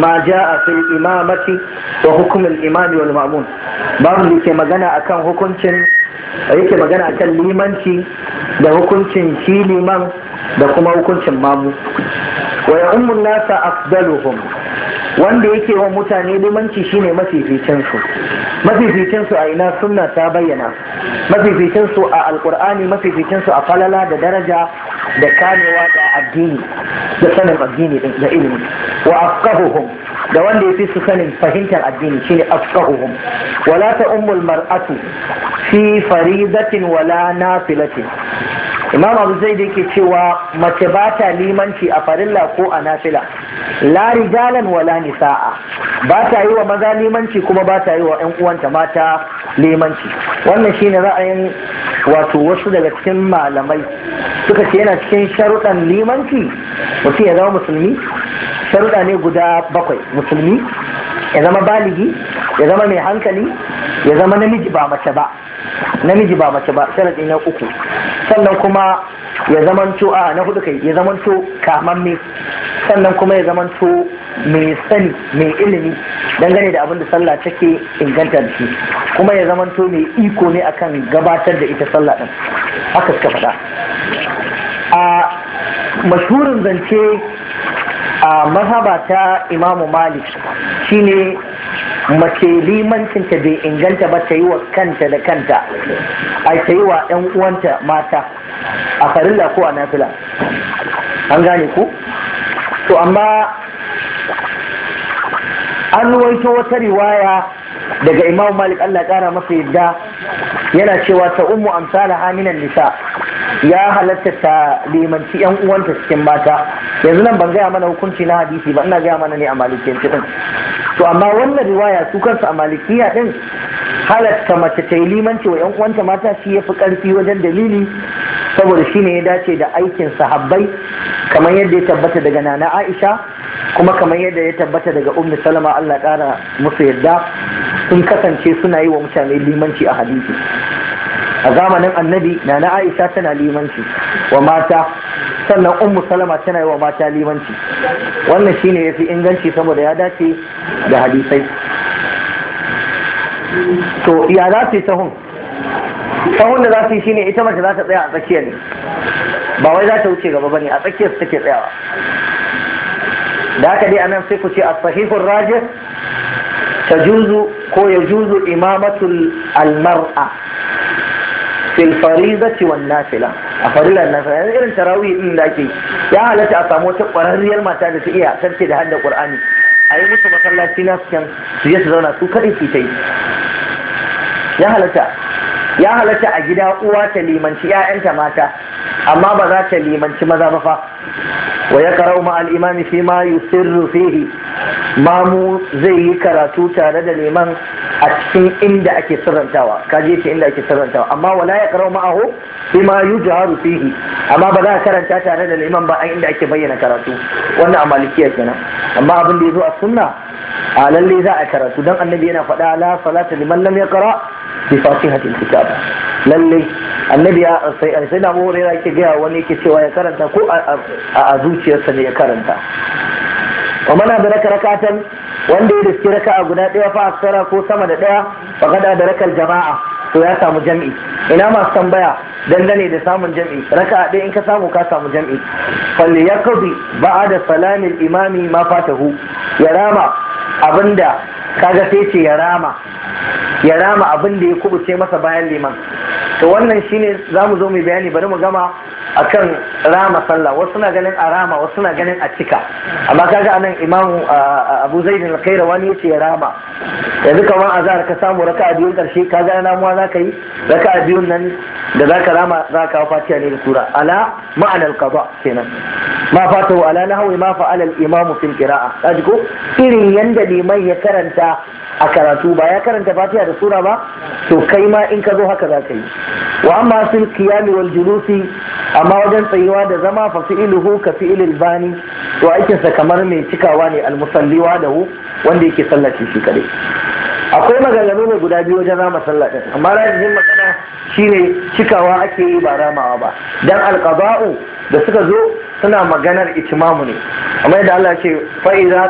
ma ja'a fil imamati wa hukumin imami wal ma'mun babu da ke magana akan hukuncin yake magana akan limanci da hukuncin shi da kuma hukuncin mamu wa ya nasa afdaluhum wanda yake wa mutane limanci shine mafificin su a ina sunna ta bayyana mafificin a alqur'ani mafificin su a falala da daraja da kamewa da addini da sanin addini da ilimi wa afqahuhum da wanda ya fi su sanin fahimtar addini shine afqahuhum wala ta ummul mar'atu fi faridatin wala nafilatin imam abu zai da yake cewa mace ba ta limanci a farilla ko a nafila la rijalan wala nisa'a ba ta yi wa maza limanci kuma ba ta yi wa yan uwanta mata limanci wannan shine ra'ayin wato wasu daga cikin malamai suka ce yana cikin sharuɗan limanci mutum ya zama musulmi sharuɗa ne guda bakwai musulmi ya zama baligi ya zama mai hankali ya zama namiji ba mace ba namiji ba mace ba sharaɗi na uku sannan kuma ya zamanto a na hudu kai ya zamanto kamamme sannan kuma ya zamanto mai sani mai ilimi dangane da abin da sallah take inganta da shi kuma ya zamanto mai iko ne akan gabatar da ita sallah din haka suka faɗa a mashhurin zance a mazhaba ta imamu malik shine mace limancinta bai inganta ba ta yi wa kanta da kanta a ta yi wa 'yan uwanta mata a farilla ko a nafila an gane ku to amma an ruwaito wata riwaya daga Imam malik Allah kara masa yadda yana cewa ta ummu amsala haminan nisa ya halatta ta limanci yan uwanta cikin mata yanzu nan ban gaya mana hukunci na hadisi ba ina gaya mana ne a malikiyanci din to amma wannan riwaya su kansu a malikiya din halatta mace ta yi limanci wa yan uwanta mata shi ya fi karfi wajen dalili saboda shi ne ya dace da aikin sahabbai kamar yadda ya tabbata daga nana aisha kuma kamar yadda ya tabbata daga ummi salama Allah kara musu yadda sun kasance suna yi wa mutane limanci a hadisi a zamanin annabi na na aisha tana limanci wa mata sannan ummu salama tana yi wa mata limanci wannan shine ya fi inganci saboda ya dace da hadisai to ya za su yi sahun sahun da za su yi shine ita mace za ta tsaya a tsakiyar ne ba wai za ta wuce gaba bane a tsakiyar su take tsayawa da haka dai anan sai ku ce a sahihun rajih tajuzu ko ya juzu imamatul almar'a fil faridati wan nafila a farilar nafila yanzu irin tarawih din da ake ya halatta a samu wata ƙwararriyar mata da ta iya sarki da hadda qur'ani a yi musu masallaci na can su je su zauna su kaɗai su ta yi ya halatta ya halatta a gida uwa ta limanci 'ya'yanta mata amma ba za ta limanci maza ba fa wa ya karau ma al'imami fi ma yusirru fihi mamu zai yi karatu tare da neman a cikin inda ake sirrantawa kaje ce inda ake sirrantawa amma wala ya karau ma'ahu sai ma yu jaharu fihi amma ba za a karanta tare da neman ba an inda ake bayyana karatu wannan a malikiya kenan amma abin da ya zo a sunna a lalle za a karatu dan annabi yana faɗa la salata liman lam yaqra bi fatihatil kitab lalle annabi ya sai sai na mu yake gaya wani yake cewa ya karanta ko a zuciyarsa ne ya karanta wa mana da raka rakatan wanda ya riski a guda ɗaya fa aksara ko sama da ɗaya fa da rakal jama'a to ya samu jam'i ina masu tambaya dangane da samun jam'i raka ɗaya in ka samu ka samu jam'i falli ya kabi da salamin imami ma fatahu ya rama abinda kaga sai ce ya rama ya rama abinda ya kubuce masa bayan liman to wannan shine zamu zo mu bayani bari mu gama akan rama sallah wasu na ganin a rama wasu na ganin a cika amma kaga anan imamu uh, uh, abu zaid al wani yace ya rama yanzu kamar azhar ka samu raka'a biyun karshe kaga ana muwa zaka yi raka'a biyun nan da zaka rama zaka fatiha ne da sura ala ma'ana al-qada kenan ma fatahu ala nahwi ma fa'ala al-imamu fil qira'a kaji ko irin yanda liman ya karanta a karatu ba ya karanta fatiha da sura ba to kai ma in ka zo haka zaka yi wa amma fil qiyam wal julusi amma wajen tsayuwa da zama fa fi'iluhu ka fi'ilil bani to aikinsa kamar mai cikawa ne almusalliwa da hu wanda yake sallaci shi kadai akwai maganganu ne guda biyu wajen rama sallah din amma rajihin magana shine cikawa ake yi ba ramawa ba dan alqaba'u da suka zo suna maganar itimamu ne amma da Allah ce fa